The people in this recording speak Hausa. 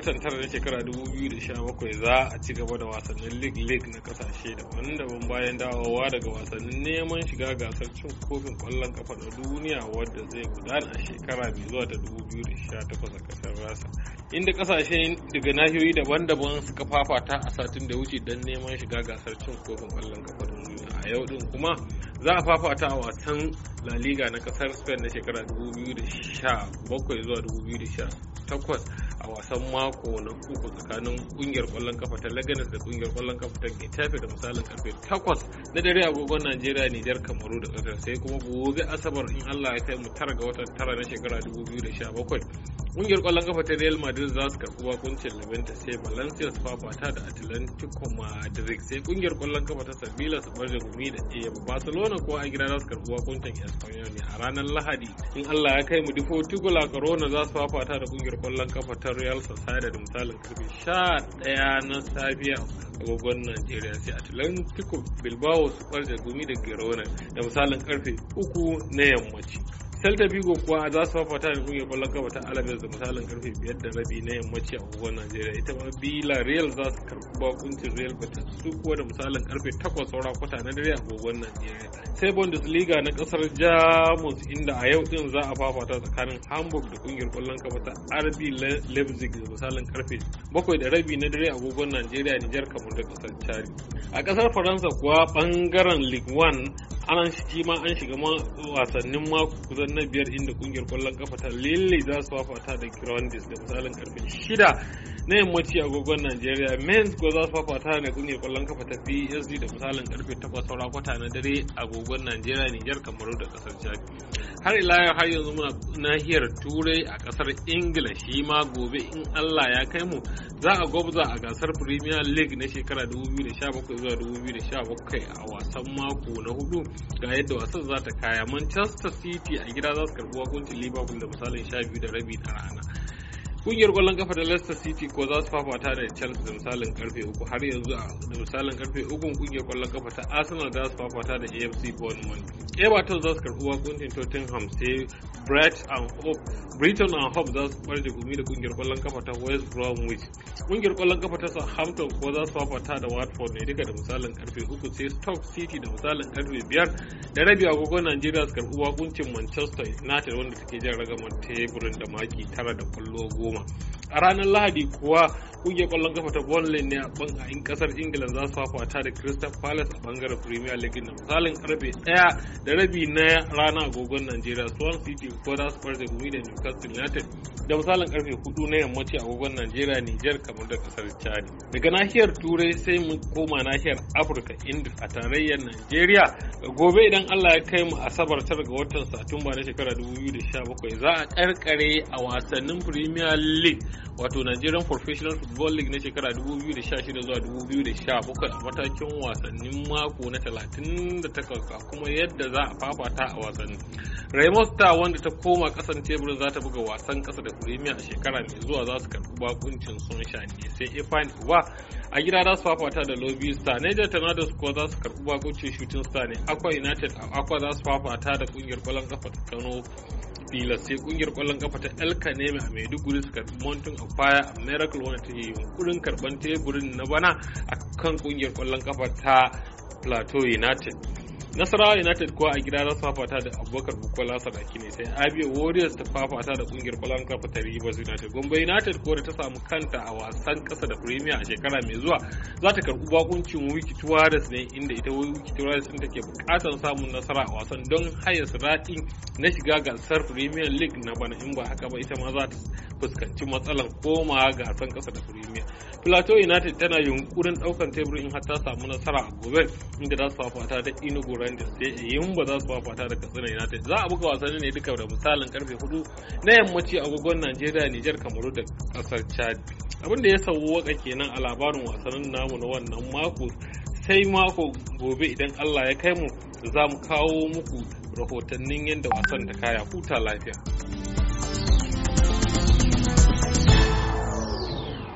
watan tara na shekara 2017 za a ci gaba da wasannin league league na kasashe wani daban bayan dawowa daga wasannin neman shiga gasar cin kofin kwallon kafa na duniya wadda zai gudana a shekara mai zuwa ta 2018 a kasar rasa inda kasashe daga nahiyoyi daban-daban suka fafata a satin da wuce don neman shiga gasar cin kofin kwallon kafa na duniya a yau din kuma za a fafata a wasan La Liga na kasar Spain na shekara 2017 zuwa 2018 wasan mako na uku tsakanin kungiyar kwallon kafa ta Leganes da kungiyar kwallon kafa ta Getafe da misalin karfe 8 na dare agogon Najeriya Nijar Kamaru da kasar sai kuma gobe Asabar in Allah ya kai mu tara ga watan tara na shekara 2017 Ƙungiyar ƙwallon kafa ta Real Madrid za su karɓi bakuncin Levante sai Valencia su fafata da Atlantico Madrid sai ƙungiyar ƙwallon kafa ta Sevilla su bar gumi da AM Barcelona ko a gida za su karɓi bakuncin Espanyol ne a ranar Lahadi. In Allah ya kai mu difo Tugula Corona za su fafata da ƙungiyar ƙwallon kafa ta Real Sociedad misalin karfe 11 na safiya agogon Najeriya sai Atlantico Bilbao su bar gumi da Girona da misalin karfe 3 na yammaci. celta vigo kuwa za su fafata da kungiyar kwallon kafa ta alaves da misalin karfe biyar da rabi na yammaci a kogon najeriya ita ma bila real za su karɓi bakuncin real betis su kuwa da misalin karfe takwas saura kwata na dare a kogon najeriya sai bundesliga na kasar jamus inda a yau din za a fafata tsakanin hamburg da kungiyar kwallon kafa ta rb leipzig da misalin karfe bakwai da rabi na dare a kogon najeriya nijar kamar da ƙasar chari a kasar faransa kuwa bangaren ligue 1 anan shi ma an shiga wasannin mako kusan wasan na biyar inda kungiyar kwallon kafa ta lille za su fafata da girondis da misalin karfe shida na yammaci agogon Najeriya men's ko za su fafata ne kungiyar kwallon kafa ta PSD da misalin karfe 8 saura kwata na dare agogon Najeriya Nijar Kamaru da kasar Chad har ila yau har yanzu muna nahiyar Turai a kasar Ingila shi ma gobe in Allah ya kai mu za a gwabza a gasar Premier League na shekara 2017 zuwa 2017 a wasan mako na hudu ga yadda wasan za ta kaya Manchester City a gida za su karbi wakuncin Liverpool da misalin 12 da rabi na rana kungiyar kwallon kafa da Leicester City ko za su fafata da Chelsea da misalin karfe uku har yanzu a da misalin karfe uku kungiyar kwallon kafa ta Arsenal za su fafata da AFC Bournemouth. Everton za su karbi wakuntin Tottenham sai Bright and Hope Brighton and Hope za su barje gumi da kungiyar kwallon kafa ta West Bromwich. Kungiyar kwallon kafa ta Southampton ko za su fafata da Watford ne duka da misalin karfe uku sai Stoke City da misalin karfe biyar da rabi agogon najeriya su karbi wakuncin manchester united wanda take jan ragamar teburin da maki tara da kwallo goma a ranar lahadi kuwa kungiyar kwallon kafa ta Burnley ne a bangayen kasar Ingila za su fafata da Crystal Palace a bangaren Premier League na misalin karfe 1 da rabi na rana agogon Najeriya Swan City ko za su farce gumi da Newcastle United da misalin karfe 4 na yammaci agogon Najeriya Niger kamar da kasar Chad. Daga nahiyar Turai sai mu koma nahiyar Afirka inda a tarayyar Najeriya gobe idan Allah ya kai mu Asabar tar ga watan Satumba na shekara 2017 za a karkare a wasannin Premier League wato Nigerian Professional Football League na shekara 2016 zuwa 2017 a matakin wasannin mako na 38 a kuma yadda za a fafata a wasanni. Raymond Star wanda ta koma kasan tebur za ta buga wasan kasa da Premier a shekara mai zuwa za su karɓi bakuncin Sunshine ne sai Ifan Uba a gida za su fafata da Lobby Star. Niger Tornadoes kuwa za su karɓi bakuncin Shooting Star ne. Aqua United a Aqua za su fafata da kungiyar kwallon kafa ta Kano tilas sai kungiyar kwallon kafa ta el kaneme a maiduguri su karbi mountain of fire a miracle wanda ta yi yunkurin karban teburin na bana a kan kungiyar kwallon kafa ta plateau united nasarawa united kuwa a gida za su fafata da abubakar bukola sadaki ne sai abia warriors ta fafata da kungiyar kwallon kafa ta rivers united gombe united kuwa da ta samu kanta a wasan kasa da premier a shekara mai zuwa za ta karbi bakuncin wiki tuwares ne inda ita wiki tuwares din ke bukatar samun nasara a wasan don haya siraɗi na shiga gasar premier league na bana in ba haka ba ita ma za ta fuskanci matsalar koma gasan kasa da firimiya plateau united tana yunkurin daukan tebur in har samu nasara a gobe inda za su fafata da inugu rangers sai yin ba za su fafata da katsina united za a buga wasanni ne duka da misalin karfe hudu na yammaci agogon nigeria niger kamaru da kasar chad abinda ya waka kenan a labarin wasannin namu na wannan mako sai mako gobe idan allah ya kai mu za mu kawo muku rahotannin yadda wasan da kaya huta lafiya